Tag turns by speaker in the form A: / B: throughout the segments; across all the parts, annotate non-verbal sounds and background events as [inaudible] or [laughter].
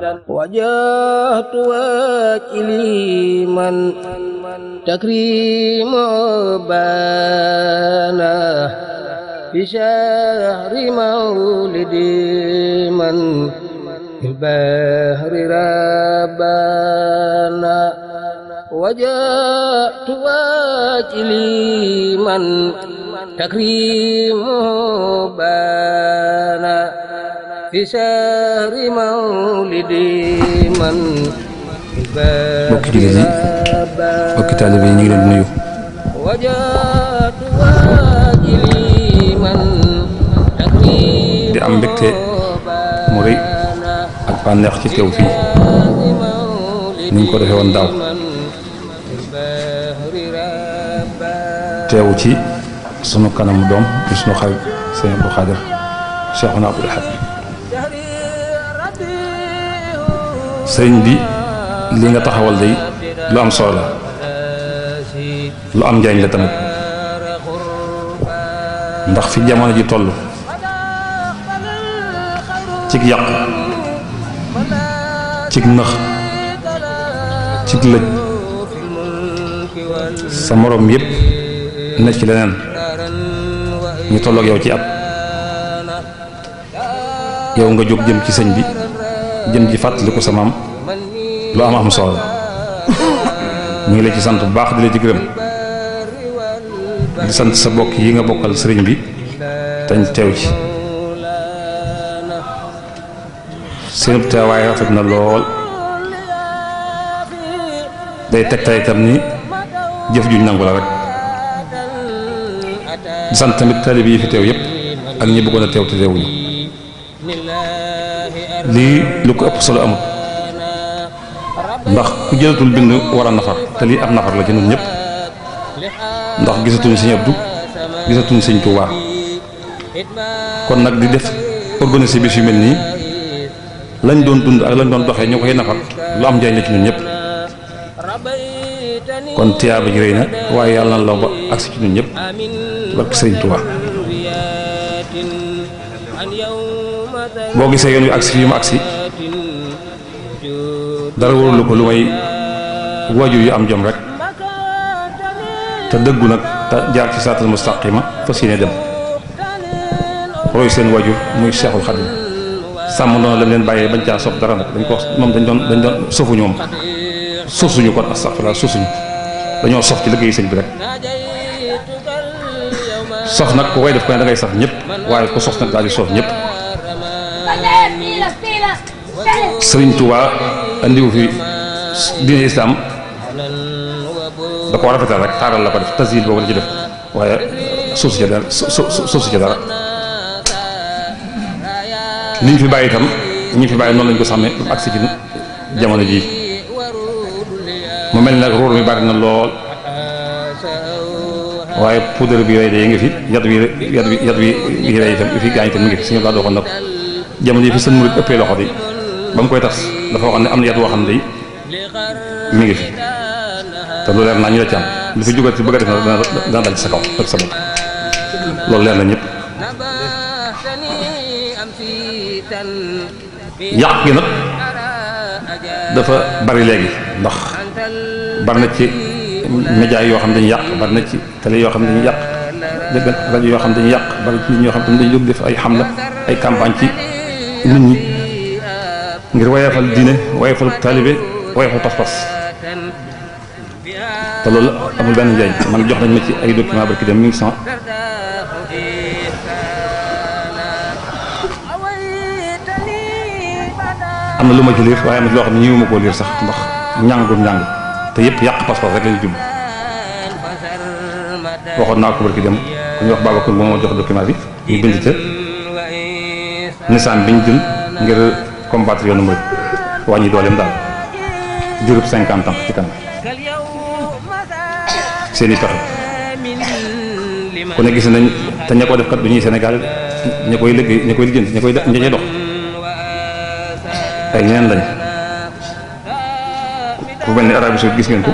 A: wajah tua tuakiliman takrim bana bisa syahri maulidiman fil bahri rabbana wajah man takrim bana في شهر مولدي من mbokk jullit yi mbokk taalibe yi ñu ngi leen di nuyu
B: di am mbégte mu rëy ak bànneex ci teew fii ni ñu ko defee woon daaw teew ci sunu kanam doom di sunu xarit Sëñ Abdou Xaadir Cheikhuna Abdoul sëriñ bi li nga taxawal day lu am solo la lu am njariñ la tamit ndax fi jamono ji toll cig yàq cig nax cig lëj sa moroom yépp nekk ci leneen ñu tolloog yow ci at yow nga jóg jëm ci sëñ bi jëm ji fàttaliku sa maam lu am am solo [laughs] ñu ngi la ci sant bu baax di la ci gërëm di sant sa bokk yi nga bokkal sëriñ bi tañ teew ci seen teewaay rafet na lool day tegtal itam ni jëf juñ nangu la rek di sant tamit taalib yi fi teew yépp ak ñi bëggoon a teew te teewuñu li lu ko ëpp solo amul ndax ku jëlatul bind war a nafar te lii ab nafar la ci ñun ñëpp ndax gisatuñu sëñ Abdu gisatuñu sëñ Tuubaa kon nag di def organisé bi yu mel nii lañ doon dund ak lañ doon doxee ñu koy nafar lu am njëriñ la ci ñun ñëpp kon tiyaaba ñu rëy na waaye yàlla na la ba agsi ci ñun ñëpp barke sëñ Tuubaa bo gisé yoon yu agsi fi mu agsi dara lu ko lu may waju yu am jom rek ta deggu nak ta jaar ci saatal mustaqima fas dem roy sen waju muy cheikhul khadim sam doon lañ len baye bañ ca sof dara nak dañ ko mom dañ don dañ don sofu ñom sosu ñu ko astaghfirullah sosu ñu dañu sof ci liggey sëñ bi rek sof nak ko way def ko da ngay sax ñep waaye ko sox nak daal di sox ñep سرين توبا عندي في دين الاسلام داكو رافتا رك تارال لا كو داف تزيد بوبو نجي داف واي سوسي دا سوسي دا ني في باي تام ني في باي نون لنجو سامي اكسي جي جامانو جي ما ملنا رور مي بارنا لول waye poudre bi yoy de nga fi yad wi yad wi yad wi yi ray tam fi gaay tam nga fi seigne ba do ko nak jamono fi seigne mourid uppe loxo di ba mu koy tas dafa waxoon ne am na yat woo xam ne mi ngi fi te lu leer naa ñu la ci am li fi jógat ci bëgg a def na dana sa kaw ak sa bopp loolu na ñëpp yàq gi nag dafa bari léegi ndax bari na ci média yoo xam dañu yàq bari na ci télé yoo xam dañu yàq rajo yoo xam dañu yàq bari ci nit ñoo xam tam dañu def ay xam xamla ay campagne ci nit ñi ngir woyofal diine woyofal taalibe woyofal pas-pas te loolu amul benn njëriñ man jox nañ ma ci ay document barki dem mi ngi sama am na lu ma ci liir waaye am na loo xam ne ñëwuma koo liir sax ndax njàng gu njàng te yëpp yàq pas-pas rek la ñu jublu waxoon naa ko barki dem ku ñuy wax Babacar bu ma jox document bi ñu bind ca nisaan bi ñu jël ngir. combattre yoonu mbir wàññi dooleem daal diirub cinquante ans ci kanam seen i pexe ku ne gis nañ te ña ko def kat du ñuy Sénégal ña koy liggéey ña koy lijjanti ña koy ña cay dox ay ñeneen lañ ku mel ne Arabie Saoudite gis ngeen ko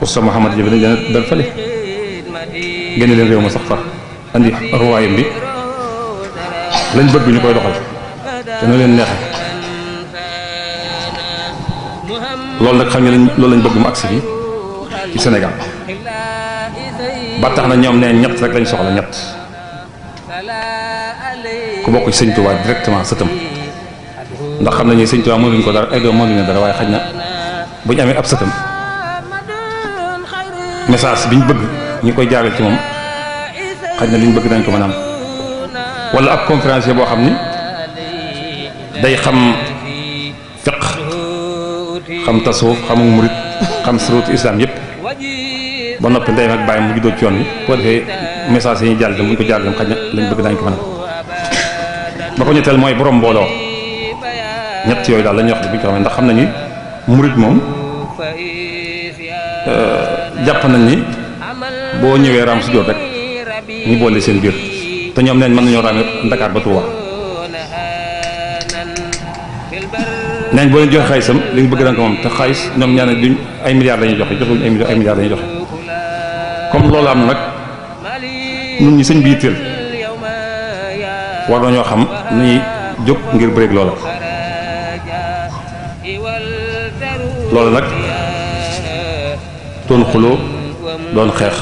B: Oustaz Mouhamed Diop dañ leen dal fale génne leen réew ma sax far andi ruwaayam bi lañ bëgg ñu koy doxal. te nu leen neexe loolu nag xam ne lañ loolu lañ bëgg mu agsi fi ci Sénégal ba tax na ñoom ne ñett rek lañ soxla ñett ku bokk ci sëñ directement sëtam ndax xam nañu sëñ Tuubaa mënuñ ko dara ay doom mënuñu dara waaye xaj na bu amee ab sëtam message bi bëgg ñu koy jaareel ci moom xaj na li bëgg dañ ko mën a am wala ab conférence boo xam ni. day xam fiq xam tasawuf xamul murit xam suruutu islam yëpp ba noppi ndeyam ak bàyyi mu juddoo ci yoon bi boo defee message yi ñuy jàll dem bu ñu ko jàll dem xaj na lañ bëgg daañu ko mën a ba mooy borom mbooloo ñett yooyu daal la ñuy wax bu ñu ko xamee ndax xam nañu murit moom euh, jàpp nañ ni boo ñëwee raam su rek ñu boole seen biir te ñoom neen mën nañoo raame Ndakaar ba Tuuba nañ bo len jox xaysam li nga bëgg dank mom moom te ñom ñaan ak duñ ay milliards lañu joxe joxuñ ay milliards ay milliards lañuy joxe comme loolu am nak ñun ñi sëñ bi yitteel war nañu xam ni jóg ngir break loolu loolu nak ton xulo doon xex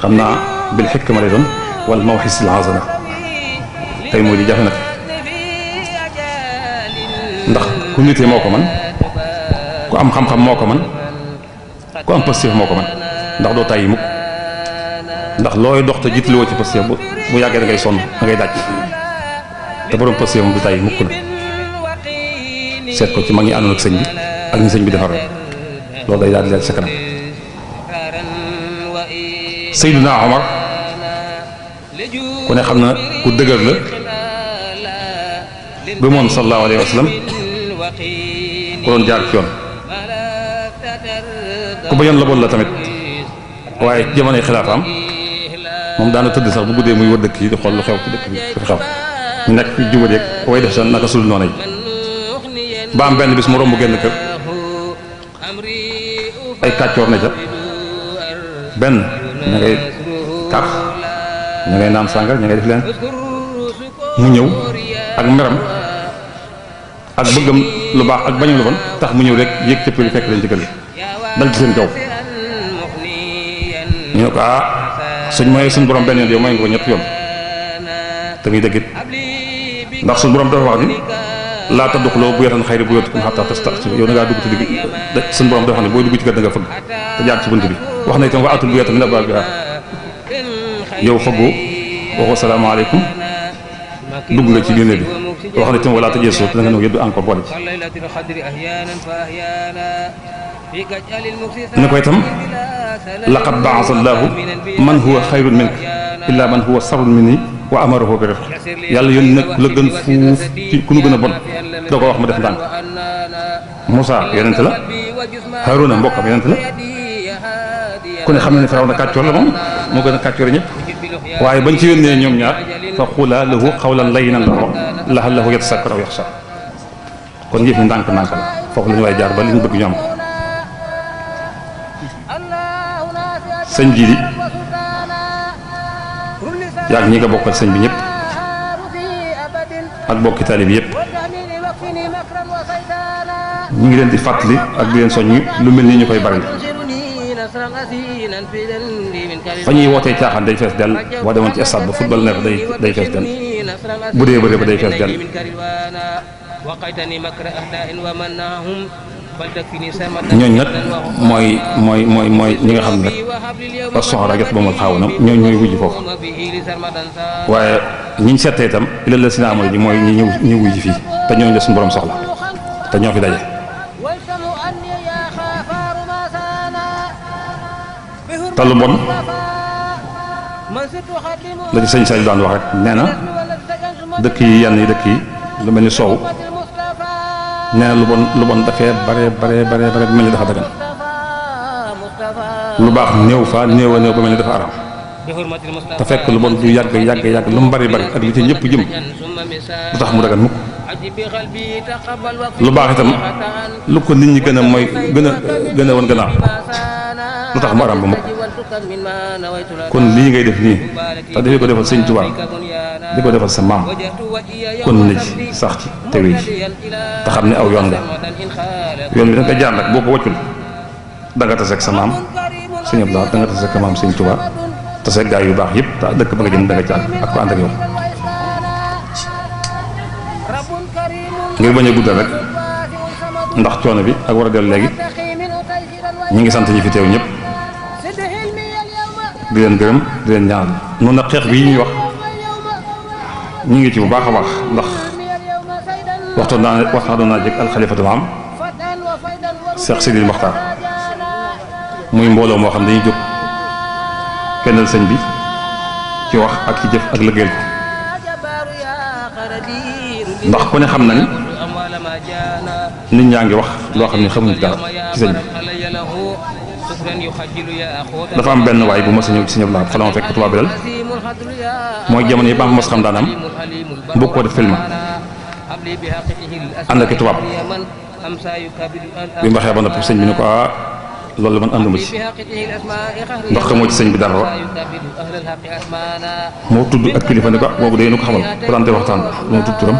B: xamna bil hikma lay doon wal mawhis al azama tay mo di jafe nag ndax ku nitee moo ko man ku am xam-xam moo ko man ku am positif moo ko man ndax doo tàyyi mukk ndax looy dox te jiitluwoo ci positif bu bu yàggee da ngay sonn da ngay daj te borom positif moom du tàyyi mukk la seet ko ci mag ñi àndoon ak sëñ bi ak ñi sëñ bi defar rek loolu day daal di daal sa kanam Seydina Omar ku ne xam na ku dëgër la gëmoon sallallahu alayhi wa sallam ku doon jaar ci yoon ku bañoon laboon la tamit waaye jamonoy xilaafaam moom daana tëdd sax bu guddee muy wër dëkk yi di xool lu xew dëkk bi su fi xew ñu nekk fi jubal yeeg way def sa naka sul noonu yi ba am benn bis mu romb génn kër ay kàccoor ne ca benn ñu ngay kaf ñu ngay naan sàngal ñu ngay def leen mu ñëw ak meram ak bëggam lu baax ak bañ lu bon tax mu ñëw rek yëg cëpp li fekk leen ci kër gi dal ci seen kaw ñu ne ko ah suñ mooy suñ borom benn yoon yow mooy nga ko ñett yoon te muy dëggit ndax suñ borom dafa wax ni laa tadduxloo bu yatan xayri bu yatukum xataa tastaqsi yow da ngaa dugg ci di suñ borom dafa wax ne booy dugg ci kër da nga fëgg te jaar ci bunt bi wax na itam wa atul bu yata min abwaabiha yow fëggoo waxoo salaamaaleykum dugg nga ci biir bi وخني تم ولا تجي صوت لا نيو يدو انكو بولي نكو يتم لقد بعث الله من هو خير منك الا من هو صبر مني وامره بالرفق يالا يوني نك لا گن فوف تي كونو گنا بون دوكو واخ ما ديف دان موسى يننت لا هارون مبوكم يننت لا kon xam na ne firaw na kàccoor la moom moo gën a kàccoor ñëpp waaye bañ ci yónnee ñoom ñaar fa xula lahu xawlan layyinan la ko lahallahu yatasakkar aw yaxsha kon yëf mi ndànk la foofu la waaye jaar ba li ñu bëgg ñu am ko sëñ bii di yaag nga bokkal sëñ bi ñëpp ak bokki taalib yëpp ñu ngi leen di fàttali ak di leen soññ lu mel nii ñu koy bari fa ñuy wootee caaxaan day fees dell boo demoon ci stade ba football neex day day fees dell bu dee bëri ba day fees dell ñooñu nag mooy mooy mooy mooy ñi nga xam ne nag soxora jot ba mu xaw na ñooñu ñooy wujj foofu waaye ñiñ settee itam ilal la si na amal ji mooy ñi ñëw ñu wujj fii te ñooñu la suñu borom soxla te ñoo fi daje te lu bon la señ sëñ Saaliu daan wax rek nee na dëkk yi yenn yi dëkk yi lu mel ni soow nee na lu bon lu bon dafee bare bare bare bare mel ni dafa dagan lu baax néew fa néew a néew ba mel ni dafa aram te fekk lu bon du yàgg yàgg yàgg lu mu bari bari ak li ci ñëpp jëm du tax mu dagan mukk lu baax itam lu ko nit ñi gën a mooy gën a gën a woon gannaaw lu tax mu aram ba mukk kon lii ngay def nii te defi ko defal sëñ Tuubaa di ko defal sa maam kon na ci sax ci tewe ci te xam ne aw yoon nga yoon bi da nga koy jaar nag boo ko wàccul da nga tase ak sa maam sëñ Abdoulaye da nga tase ak sa maam sëñ Tuubaa ak gaa yu baax yëpp te dëkk ba nga jëm da nga caag ak ko ànd ak yow ngir bañ guddal rek ndax coono bi ak war a dellu léegi ngi sant ñi fi teew ñëpp. di leen gërëm di leen ñaan noonu nag xeex bii ñuy wax ñu ngi ci bu baax a baax ndax waxtaan naa waxtaan naa jëkk alxalifatul am Seex Sidil Moxtaar muy mbooloo moo xam dañuy jóg kennal sëñ bi ci wax ak ci jëf ak lëggeel ko ndax ku ne xam na ni nit ñaa ngi wax loo xam ne xamuñ dara ci sëñ bi dafa am benn waay bu ma sa ñëw ci sëñ Abdou Lahad fekk tubaab bi dal mooy jamono yi ba mos xam daan am bëgg ko def film ànd tubaab bi mu waxee ba noppi sëñ bi ne ko ah. loolu man ànduma ci ndax xamoo ci sëñ bi dara moo tudd ak kilifa ne ko ah, boobu day nu ko xamal bu daan waxtaan moo tudd turam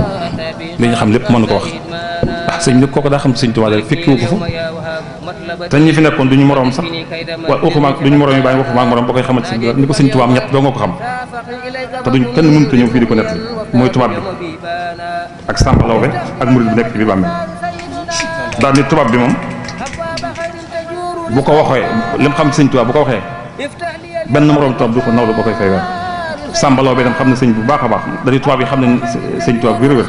B: li ñu xam lépp mën na ko wax ndax ah, sëñ bi kooku daa xam sëñ fekkiwu ko fa te fi nekkoon duñu moroom sax waaye waxuma duñu moroom yi bàyyi waxuma ak moroom boo koy xamal ci sëñ bi ni ko sëñ ko xam a ñëw fii di mooy tubaab ak sàmpalawbe ak murid bi nekk ci biir bàmmeel daal ni tubaab bi moom bu ko waxee lim xam sëñ Tuubaa bu ko waxee benn moroom tubaab du ko naw lu ba koy feeweel sàmbaloo bi dem xam ne sëñ bu baax a baax dañuy tubaab yi xam ne sëñ Tuubaa wér wér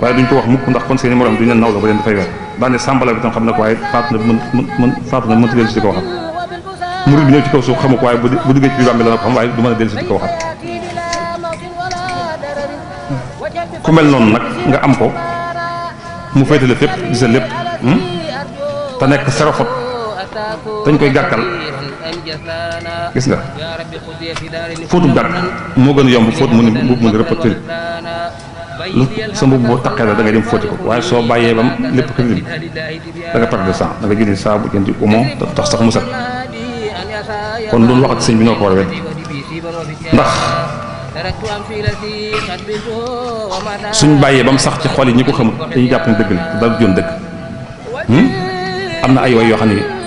B: waaye duñ ko wax mukk ndax kon seeni moroom duñ leen naw la ba leen dafay weer daane sàmbala bi tam xam ne ko waaye faatu na mën mën faatu na mënta dellusi di ko waxat murid bi ñëw ci kaw suuf xamu ko waaye bu duggee ci biir bàmmeel a ko waxat ku mel noonu nag nga am ko mu féetale fépp di sa lépp hmm? te nekk serofot dañ koy gàkkal gis nga fóotub gàkk moo gën a yomb fóot mu ni mbubb mu ni rëpp tëri lu sa mbubb boo taqee la da dem fóoti waaye soo bàyyee bam lépp ko lim da nga perte de sang da nga jëndi saabu jëndi tax sax mu set kon loolu wax ak sëñ bi noo ko war wet ndax suñ bàyyee ba mu sax ci xol yi ñi ko xamul dañuy jàpp ne dëgg la daal joon dëgg hmm? na ay way yoo xam ne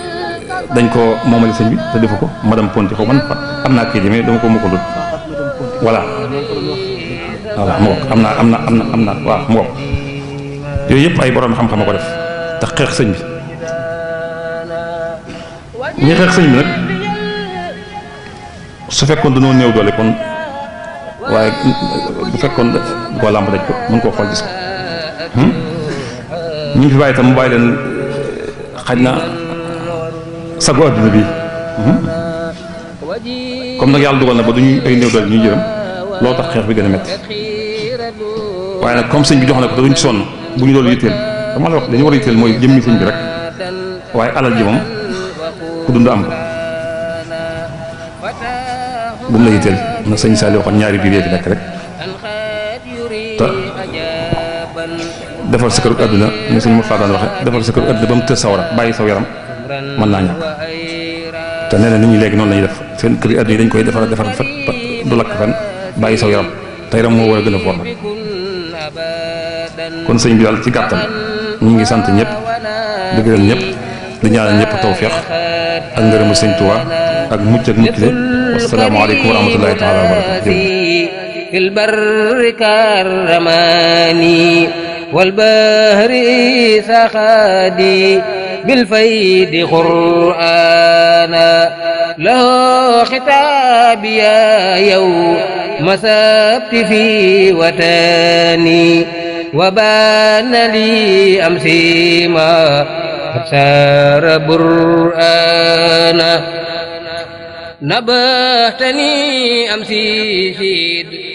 B: dañ ko moomale sëñ bi te defu ko madame Ponti xaw man am naa kii di mais dama ko mokkalul voilà voilà mu am naa am na am na am na waaw mu bokk yooyu yëpp ay borom xam-xam a ko def te xeex sëñ bi ñi xeex sëñ bi nag su fekkoon dañoo néew doole kon waaye bu fekkoon koo làmb daj ko mën koo xool gis ko hmm? ñu fi bàyyi tam mu xaj na. sago adduna bi comme nag yàlla dugal na ba du ñuy ay néew doole ñuy jërëm loolu tax xeex bi gën a métti waaye nag comme sëñ bi jox na ko te duñ sonn bu ñu loolu yitteel dama la wax dañu war a yitteel mooy jëmmi sëñ bi rek waaye alal ji moom ku dund am ko bu mu la yitteel na sëñ Saliou waxoon ñaari biir yee fi nekk rek te defal sa këru àdduna ni sëñ Moussa daan waxe defal sa këru àdduna ba mu tës sawara bàyyi saw yaram mën naa ñàkk te nee na nit ñi léegi noonu la ñuy def seen kër yi àdduna yi dañ a defar defar fet du lakk fen bàyyi saw yaram te yaram moo war a gën a foor nag kon sëñ bi daal ci gàttal ñu ngi sant ñëpp di gërëm ñëpp di ñaanal ñëpp tawféex ak ngërëmu sëñ Tuubaa ak mucc ak mucc le wasalaamaaleykum wa rahmatullahi taala wa barakatu
A: jërëjëf بالفيد قرآنا له ختاب يا يوم سبت في وتاني وبان لي أمسي ما أبصار برآنا نبهتني أمسي سيد